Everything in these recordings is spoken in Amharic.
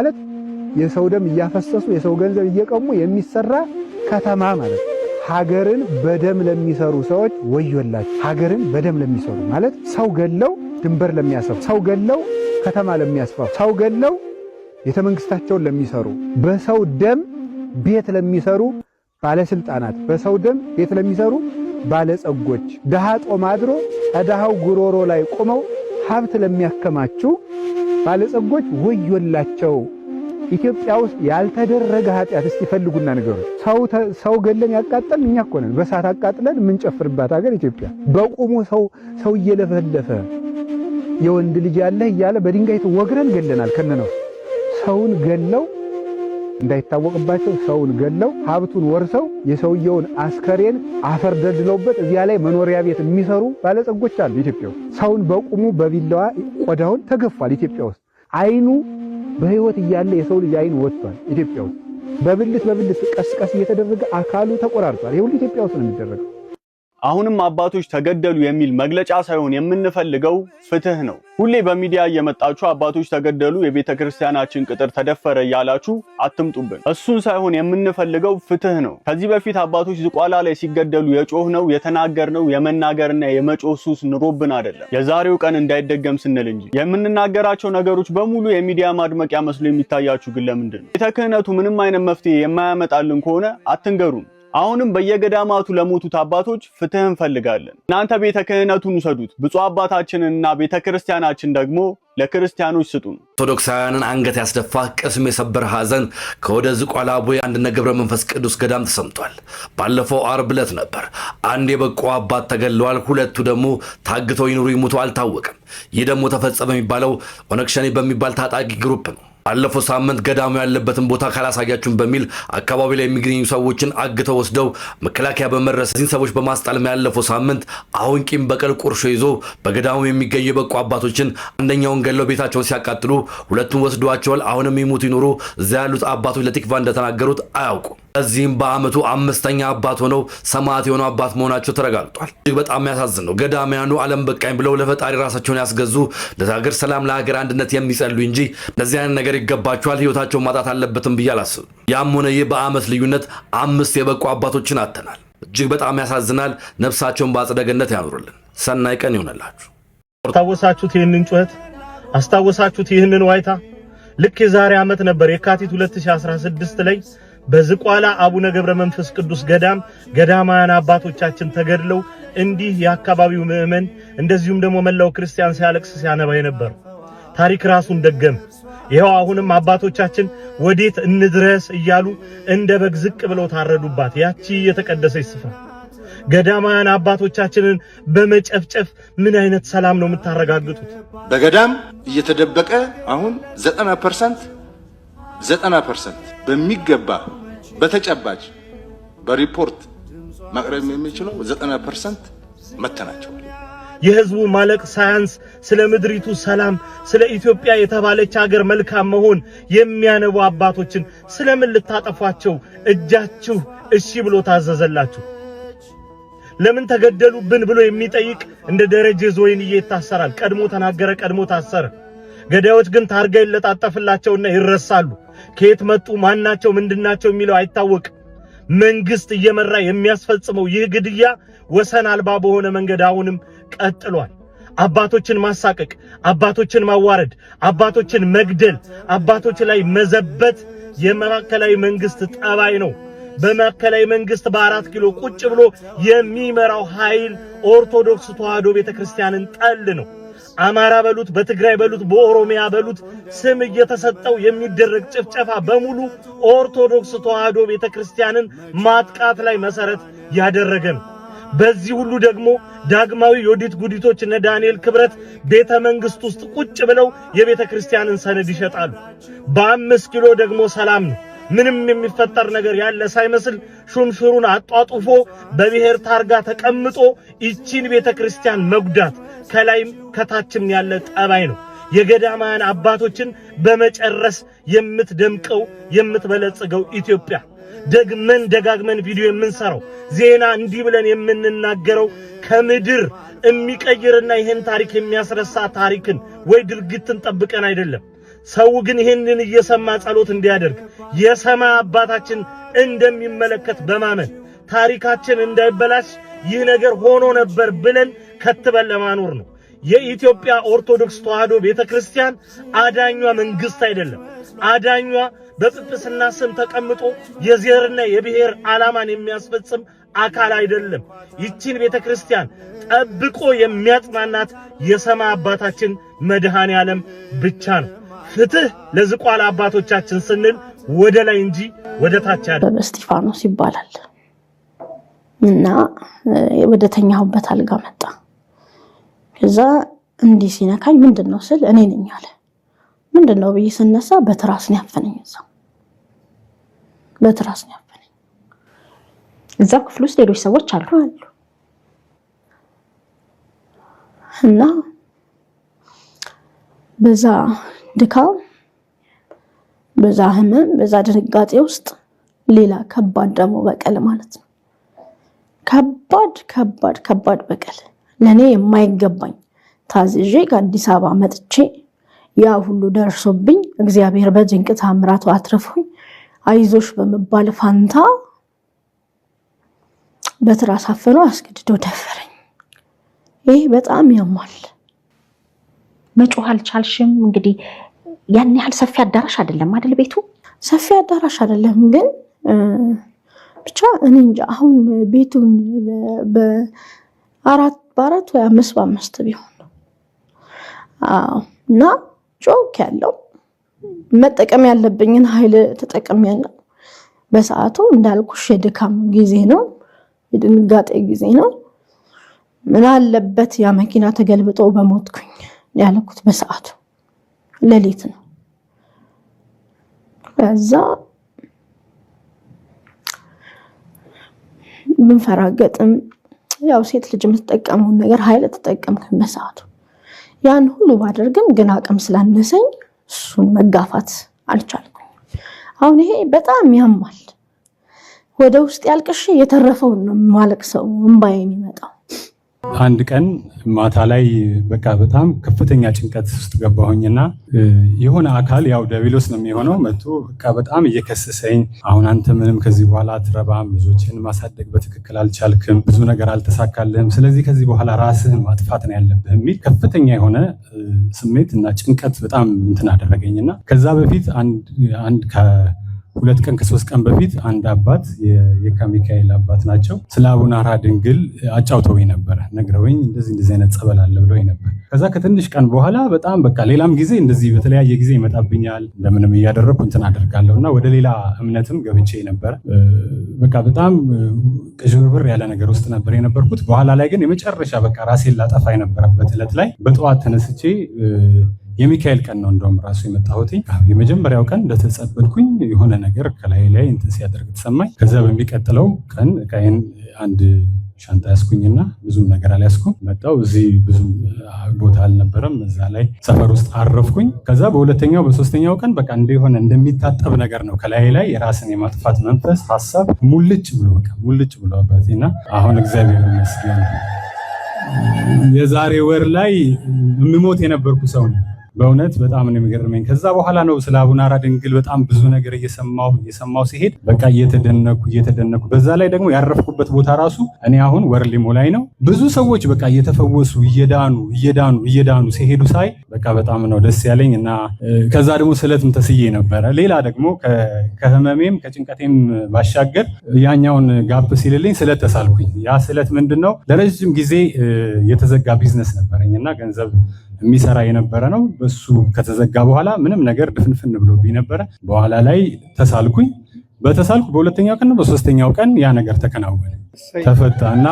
ማለት የሰው ደም እያፈሰሱ የሰው ገንዘብ እየቀሙ የሚሰራ ከተማ ማለት ነው። ሀገርን በደም ለሚሰሩ ሰዎች ወዮላቸው። ሀገርን በደም ለሚሰሩ ማለት ሰው ገለው ድንበር ለሚያሰፉ፣ ሰው ገለው ከተማ ለሚያስፋፉ፣ ሰው ገለው ቤተ መንግስታቸውን ለሚሰሩ፣ በሰው ደም ቤት ለሚሰሩ ባለስልጣናት፣ በሰው ደም ቤት ለሚሰሩ ባለጸጎች፣ ድሃ ጦም አድሮ ከድሃው ጉሮሮ ላይ ቆመው ሀብት ለሚያከማችው ባለጸጎች ወዮላቸው። ኢትዮጵያ ውስጥ ያልተደረገ ኃጢአት እስቲ ፈልጉና ነገሩ። ሰው ገለን ያቃጠልን እኛ እኮ ነን። በሳት አቃጥለን የምንጨፍርባት ሀገር ኢትዮጵያ። በቁሙ ሰው እየለፈለፈ የወንድ ልጅ ያለህ እያለ በድንጋይ ወግረን ገለናል። ከነነው ሰውን ገለው እንዳይታወቅባቸው ሰውን ገለው ሀብቱን ወርሰው የሰውየውን አስከሬን አፈር ደልድለውበት እዚያ ላይ መኖሪያ ቤት የሚሰሩ ባለጸጎች አሉ። ኢትዮጵያ ውስጥ ሰውን በቁሙ በቢላዋ ቆዳውን ተገፏል። ኢትዮጵያ ውስጥ አይኑ በህይወት እያለ የሰው ልጅ አይን ወጥቷል። ኢትዮጵያ ውስጥ በብልት በብልት ቀስቀስ እየተደረገ አካሉ ተቆራርጧል። ይህ ሁሉ ኢትዮጵያ ውስጥ ነው የሚደረገው። አሁንም አባቶች ተገደሉ የሚል መግለጫ ሳይሆን የምንፈልገው ፍትህ ነው። ሁሌ በሚዲያ እየመጣችሁ አባቶች ተገደሉ፣ የቤተ ክርስቲያናችን ቅጥር ተደፈረ እያላችሁ አትምጡብን። እሱን ሳይሆን የምንፈልገው ፍትህ ነው። ከዚህ በፊት አባቶች ዝቋላ ላይ ሲገደሉ የጮህ ነው የተናገር ነው የመናገርና የመጮህ ሱስ ኑሮብን አይደለም፣ የዛሬው ቀን እንዳይደገም ስንል እንጂ። የምንናገራቸው ነገሮች በሙሉ የሚዲያ ማድመቂያ መስሎ የሚታያችሁ ግን ለምንድን ነው? ቤተ ክህነቱ ምንም አይነት መፍትሄ የማያመጣልን ከሆነ አትንገሩን። አሁንም በየገዳማቱ ለሞቱት አባቶች ፍትህ እንፈልጋለን። እናንተ ቤተ ክህነቱን ውሰዱት፣ ብፁዕ አባታችንንና ቤተ ክርስቲያናችን ደግሞ ለክርስቲያኖች ስጡን። ኦርቶዶክሳውያንን አንገት ያስደፋ ቅስም የሰበር ሐዘን ከወደ ዝቋላ ቦይ አንድነ ገብረ መንፈስ ቅዱስ ገዳም ተሰምቷል። ባለፈው አርብ ዕለት ነበር። አንድ የበቁ አባት ተገለዋል። ሁለቱ ደግሞ ታግተው ይኑሩ ይሙቱ አልታወቀም። ይህ ደግሞ ተፈጸመ የሚባለው ኦነግ ሸኔ በሚባል ታጣቂ ግሩፕ ነው። ባለፈው ሳምንት ገዳሙ ያለበትን ቦታ ካላሳያችሁም በሚል አካባቢ ላይ የሚገኙ ሰዎችን አግተው ወስደው መከላከያ በመድረስ እዚህን ሰዎች በማስጣልም ያለፈው ሳምንት አሁን ቂም በቀል ቁርሾ ይዞ በገዳሙ የሚገኙ የበቁ አባቶችን አንደኛውን ገለው ቤታቸውን ሲያቃጥሉ ሁለቱን ወስደዋቸዋል። አሁንም ይሙት ይኑሩ እዚያ ያሉት አባቶች ለቲክቫ እንደተናገሩት አያውቁ ከዚህም በአመቱ አምስተኛ አባት ሆነው ሰማዕት የሆኑ አባት መሆናቸው ተረጋግጧል። እጅግ በጣም የሚያሳዝን ነው። ገዳሚያኑ ዓለም በቃኝ ብለው ለፈጣሪ ራሳቸውን ያስገዙ ለሀገር ሰላም፣ ለሀገር አንድነት የሚጸሉ እንጂ እነዚህ አይነት ነገር ይገባቸዋል ህይወታቸውን ማጣት አለበትም ብዬ አላስብ። ያም ሆነ ይህ በአመት ልዩነት አምስት የበቁ አባቶችን አጥተናል። እጅግ በጣም ያሳዝናል። ነፍሳቸውን በአጸደ ገነት ያኑርልን። ሰናይ ቀን ይሆነላችሁ። አስታወሳችሁት ይህንን ጩኸት፣ አስታወሳችሁት ይህንን ዋይታ። ልክ የዛሬ ዓመት ነበር የካቲት 2016 ላይ በዝቋላ አቡነ ገብረ መንፈስ ቅዱስ ገዳም ገዳማውያን አባቶቻችን ተገድለው እንዲህ የአካባቢው ምእመን እንደዚሁም ደግሞ መላው ክርስቲያን ሲያለቅስ ሲያነባ የነበር ታሪክ ራሱን ደገም። ይኸው አሁንም አባቶቻችን ወዴት እንድረስ እያሉ እንደ በግ ዝቅ ብለው ታረዱባት ያቺ የተቀደሰች ስፍራ። ገዳማውያን አባቶቻችንን በመጨፍጨፍ ምን አይነት ሰላም ነው የምታረጋግጡት? በገዳም እየተደበቀ አሁን 90 ፐርሰንት 90 ፐርሰንት በሚገባ በተጨባጭ በሪፖርት ማቅረብ የሚችለው ዘጠና ፐርሰንት መተናቸዋል። የህዝቡ ማለቅ ሳያንስ ስለ ምድሪቱ ሰላም፣ ስለ ኢትዮጵያ የተባለች ሀገር መልካም መሆን የሚያነቡ አባቶችን ስለምን ልታጠፏቸው እጃችሁ እሺ ብሎ ታዘዘላችሁ? ለምን ተገደሉብን ብሎ የሚጠይቅ እንደ ደረጀ ዞይንዬ ይታሰራል። ቀድሞ ተናገረ፣ ቀድሞ ታሰረ። ገዳዮች ግን ታርጋ ይለጣጠፍላቸውና ይረሳሉ። ከየት መጡ፣ ማናቸው፣ ምንድናቸው የሚለው አይታወቅም። መንግስት እየመራ የሚያስፈጽመው ይህ ግድያ ወሰን አልባ በሆነ መንገድ አሁንም ቀጥሏል። አባቶችን ማሳቀቅ፣ አባቶችን ማዋረድ፣ አባቶችን መግደል፣ አባቶች ላይ መዘበት የማዕከላዊ መንግስት ጠባይ ነው። በማዕከላዊ መንግስት በአራት ኪሎ ቁጭ ብሎ የሚመራው ኃይል ኦርቶዶክስ ተዋህዶ ቤተክርስቲያንን ጠል ነው። አማራ በሉት በትግራይ በሉት በኦሮሚያ በሉት ስም እየተሰጠው የሚደረግ ጭፍጨፋ በሙሉ ኦርቶዶክስ ተዋህዶ ቤተክርስቲያንን ማጥቃት ላይ መሰረት ያደረገ ነው። በዚህ ሁሉ ደግሞ ዳግማዊ ዮዲት ጉዲቶች እነ ዳንኤል ክብረት ቤተ መንግስት ውስጥ ቁጭ ብለው የቤተ ክርስቲያንን ሰነድ ይሸጣሉ። በአምስት ኪሎ ደግሞ ሰላም ነው። ምንም የሚፈጠር ነገር ያለ ሳይመስል ሹምሽሩን አጧጡፎ በብሔር ታርጋ ተቀምጦ ይቺን ቤተ ክርስቲያን መጉዳት ከላይም ከታችም ያለ ጠባይ ነው። የገዳማን አባቶችን በመጨረስ የምትደምቀው የምትበለጽገው ኢትዮጵያ ደግመን ደጋግመን ቪዲዮ የምንሰራው ዜና እንዲህ ብለን የምንናገረው ከምድር የሚቀይርና ይህን ታሪክ የሚያስረሳ ታሪክን ወይ ድርጊትን ጠብቀን አይደለም። ሰው ግን ይህንን እየሰማ ጸሎት እንዲያደርግ የሰማይ አባታችን እንደሚመለከት በማመን ታሪካችን እንዳይበላሽ ይህ ነገር ሆኖ ነበር ብለን ከትበን ለማኖር ነው። የኢትዮጵያ ኦርቶዶክስ ተዋሕዶ ቤተ ክርስቲያን አዳኟ መንግሥት አይደለም። አዳኟ በጵጵስና ስም ተቀምጦ የዘርና የብሔር ዓላማን የሚያስፈጽም አካል አይደለም። ይቺን ቤተ ክርስቲያን ጠብቆ የሚያጽናናት የሰማይ አባታችን መድኃኔ ዓለም ብቻ ነው። ፍትህ ለዝቋላ አባቶቻችን ስንል ወደ ላይ እንጂ ወደ ታች ያለ በእስጢፋኖስ ይባላል እና ወደ ተኛሁበት አልጋ መጣ። ከዛ እንዲህ ሲነካኝ ምንድን ነው ስል እኔ ነኝ አለ። ምንድን ነው ብዬ ስነሳ በትራስ ነው ያፈነኝ። እዛው በትራስ ነው ያፈነኝ። እዛው ክፍል ውስጥ ሌሎች ሰዎች አሉ አሉ እና በዛ ድካም፣ በዛ ህመም፣ በዛ ድንጋጤ ውስጥ ሌላ ከባድ ደግሞ በቀል ማለት ነው። ከባድ ከባድ ከባድ በቀል ለእኔ የማይገባኝ ታዝዤ ከአዲስ አበባ መጥቼ ያ ሁሉ ደርሶብኝ እግዚአብሔር በድንቅ ታምራቱ አትርፎኝ አይዞሽ በመባል ፋንታ በትራስ አሳፍኖ አስገድዶ ደፈረኝ። ይህ በጣም ያማል። መጮህ አልቻልሽም እንግዲህ ያን ያህል ሰፊ አዳራሽ አይደለም አይደል? ቤቱ ሰፊ አዳራሽ አይደለም፣ ግን ብቻ እኔ እንጃ አሁን ቤቱን በአራት በአራት ወይ አምስት በአምስት ቢሆን እና ጮክ ያለው መጠቀም ያለብኝን ኃይል ተጠቀም ያለው በሰዓቱ እንዳልኩሽ የድካም ጊዜ ነው፣ የድንጋጤ ጊዜ ነው። ምን አለበት ያ መኪና ተገልብጦ በሞትኩኝ ያለኩት በሰዓቱ ሌሊት ነው። ከዛ ብንፈራገጥም ያው ሴት ልጅ የምትጠቀመውን ነገር ኃይል ተጠቀምክን በሰዓቱ ያን ሁሉ ባደርግም ግን አቅም ስላነሰኝ እሱን መጋፋት አልቻልኩም። አሁን ይሄ በጣም ያማል። ወደ ውስጥ ያልቅሽ የተረፈውን ማለቅ ሰው እምባዬ የሚመጣው አንድ ቀን ማታ ላይ በቃ በጣም ከፍተኛ ጭንቀት ውስጥ ገባሁኝና የሆነ አካል ያው ደቢሎስ ነው የሚሆነው መቶ በቃ በጣም እየከሰሰኝ፣ አሁን አንተ ምንም ከዚህ በኋላ አትረባም፣ ልጆችን ማሳደግ በትክክል አልቻልክም፣ ብዙ ነገር አልተሳካልህም፣ ስለዚህ ከዚህ በኋላ ራስህን ማጥፋት ነው ያለብህ የሚል ከፍተኛ የሆነ ስሜት እና ጭንቀት በጣም እንትን አደረገኝና ከዛ በፊት አንድ ሁለት ቀን ከሶስት ቀን በፊት አንድ አባት የካ ሚካኤል አባት ናቸው ስለ አቡነ ድንግል አጫውተውኝ ነበረ። ነግረውኝ እንደዚህ እንደዚህ አይነት ጸበል አለ ብለውኝ ነበር። ከዛ ከትንሽ ቀን በኋላ በጣም በቃ ሌላም ጊዜ እንደዚህ በተለያየ ጊዜ ይመጣብኛል። እንደምንም እያደረግኩ እንትን አደርጋለሁ እና ወደ ሌላ እምነትም ገብቼ ነበረ። በቃ በጣም ቅዥብርብር ያለ ነገር ውስጥ ነበር የነበርኩት። በኋላ ላይ ግን የመጨረሻ በቃ ራሴን ላጠፋ የነበረበት እለት ላይ በጠዋት ተነስቼ የሚካኤል ቀን ነው እንደውም ራሱ የመጣሁት። የመጀመሪያው ቀን እንደተጸበልኩኝ የሆነ ነገር ከላይ ላይ እንትን ሲያደርግ ተሰማኝ። ከዛ በሚቀጥለው ቀን ቃይን አንድ ሻንጣ ያስኩኝና ብዙም ነገር አልያስኩም መጣው እዚህ ብዙም ቦታ አልነበረም። እዛ ላይ ሰፈር ውስጥ አረፍኩኝ። ከዛ በሁለተኛው በሶስተኛው ቀን በቃ እንደሆነ እንደሚታጠብ ነገር ነው ከላይ ላይ የራስን የማጥፋት መንፈስ ሀሳብ ሙልጭ ብሎ በቃ ሙልጭ ብሎ አባቴና አሁን እግዚአብሔር ይመስገን የዛሬ ወር ላይ የምሞት የነበርኩ ሰው ነው። በእውነት በጣም ነው የሚገርመኝ። ከዛ በኋላ ነው ስለ አቡነ አራ ድንግል በጣም ብዙ ነገር እየሰማሁ እየሰማሁ ሲሄድ በቃ እየተደነኩ እየተደነኩ በዛ ላይ ደግሞ ያረፍኩበት ቦታ ራሱ እኔ አሁን ወር ላይ ነው። ብዙ ሰዎች በቃ እየተፈወሱ እየዳኑ እየዳኑ እየዳኑ ሲሄዱ ሳይ በቃ በጣም ነው ደስ ያለኝ እና ከዛ ደግሞ ስለትም ተስዬ ነበረ። ሌላ ደግሞ ከህመሜም ከጭንቀቴም ባሻገር ያኛውን ጋፕ ሲልልኝ ስለት ተሳልኩኝ። ያ ስለት ምንድን ነው ለረጅም ጊዜ የተዘጋ ቢዝነስ ነበረኝ እና ገንዘብ የሚሰራ የነበረ ነው። በሱ ከተዘጋ በኋላ ምንም ነገር ድፍንፍን ብሎብኝ ነበረ። በኋላ ላይ ተሳልኩኝ። በተሳልኩ በሁለተኛው ቀን በሶስተኛው ቀን ያ ነገር ተከናወነ ተፈታ እና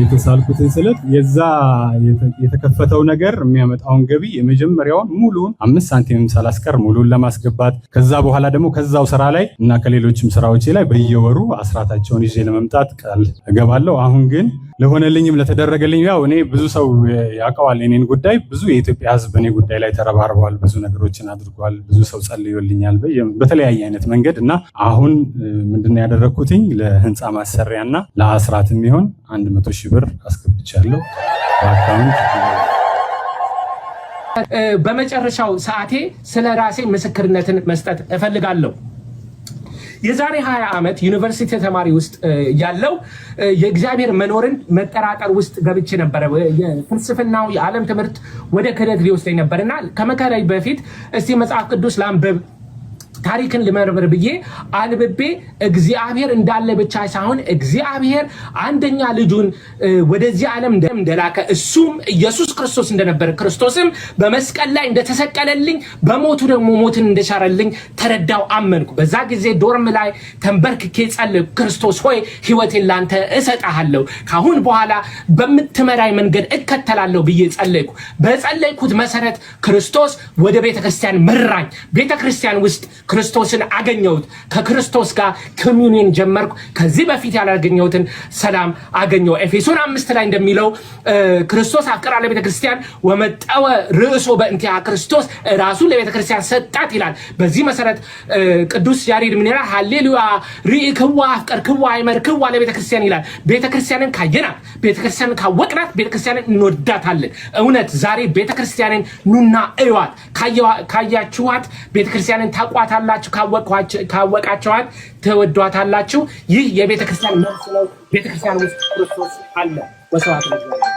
የተሳልኩትን ስለት የዛ የተከፈተው ነገር የሚያመጣውን ገቢ የመጀመሪያውን ሙሉን አምስት ሳንቲምም ሳላስቀር ሙሉን ለማስገባት ከዛ በኋላ ደግሞ ከዛው ስራ ላይ እና ከሌሎችም ስራዎች ላይ በየወሩ አስራታቸውን ይዤ ለመምጣት ቃል እገባለሁ። አሁን ግን ለሆነልኝም ለተደረገልኝ ያው እኔ ብዙ ሰው ያውቀዋል የኔን ጉዳይ። ብዙ የኢትዮጵያ ሕዝብ እኔ ጉዳይ ላይ ተረባርበዋል። ብዙ ነገሮችን አድርጓል። ብዙ ሰው ጸልዮልኛል በተለያየ አይነት መንገድ እና አሁን ምንድን ነው ያደረግኩትኝ ለህንፃ ማሰሪያ እና ለአስራት የሚሆን አንድ መቶ ሺህ ብር አስገብቻለሁ በአካውንት በመጨረሻው ሰዓቴ ስለ ራሴ ምስክርነትን መስጠት እፈልጋለሁ። የዛሬ 20 ዓመት ዩኒቨርሲቲ ተማሪ ውስጥ ያለው የእግዚአብሔር መኖርን መጠራጠር ውስጥ ገብቼ ነበረ። የፍልስፍናው የዓለም ትምህርት ወደ ክደት ሊወስደኝ ነበር እና ከመከራይ በፊት እስቲ መጽሐፍ ቅዱስ ለአንብብ ታሪክን ልመርምር ብዬ አልብቤ እግዚአብሔር እንዳለ ብቻ ሳይሆን እግዚአብሔር አንደኛ ልጁን ወደዚህ ዓለም እንደላከ እሱም ኢየሱስ ክርስቶስ እንደነበረ ክርስቶስም በመስቀል ላይ እንደተሰቀለልኝ በሞቱ ደግሞ ሞትን እንደሻረልኝ ተረዳው፣ አመንኩ። በዛ ጊዜ ዶርም ላይ ተንበርክኬ ጸለይኩ። ክርስቶስ ሆይ ህይወቴን ላንተ እሰጣሃለሁ፣ ካሁን በኋላ በምትመራኝ መንገድ እከተላለሁ ብዬ ጸለይኩ። በጸለይኩት መሰረት ክርስቶስ ወደ ቤተክርስቲያን መራኝ። ቤተክርስቲያን ውስጥ ክርስቶስን አገኘሁት። ከክርስቶስ ጋር ኮሚኒየን ጀመርኩ። ከዚህ በፊት ያላገኘሁትን ሰላም አገኘሁ። ኤፌሶን አምስት ላይ እንደሚለው ክርስቶስ አፍቅራ ለቤተ ክርስቲያን ወመጠወ ርእሶ በእንቲያ ክርስቶስ ራሱ ለቤተ ክርስቲያን ሰጣት ይላል። በዚህ መሰረት ቅዱስ ያሬድ ምን ይላል? ሃሌሉያ ርኢ ክዋ አፍቀር ክዋ አይመር ክዋ ለቤተ ክርስቲያን ይላል። ቤተ ክርስቲያንን ካየናት፣ ቤተ ክርስቲያንን ካወቅናት፣ ቤተ ክርስቲያንን እንወዳታለን። እውነት ዛሬ ቤተ ክርስቲያንን ኑና እዩዋት። ካያችኋት ቤተ ክርስቲያንን ታቋታል ታውቋታላችሁ፣ ካወቃቸዋት ትወዷታላችሁ። ይህ የቤተክርስቲያን መልስ ነው። ቤተክርስቲያን ውስጥ ክርስቶስ አለ።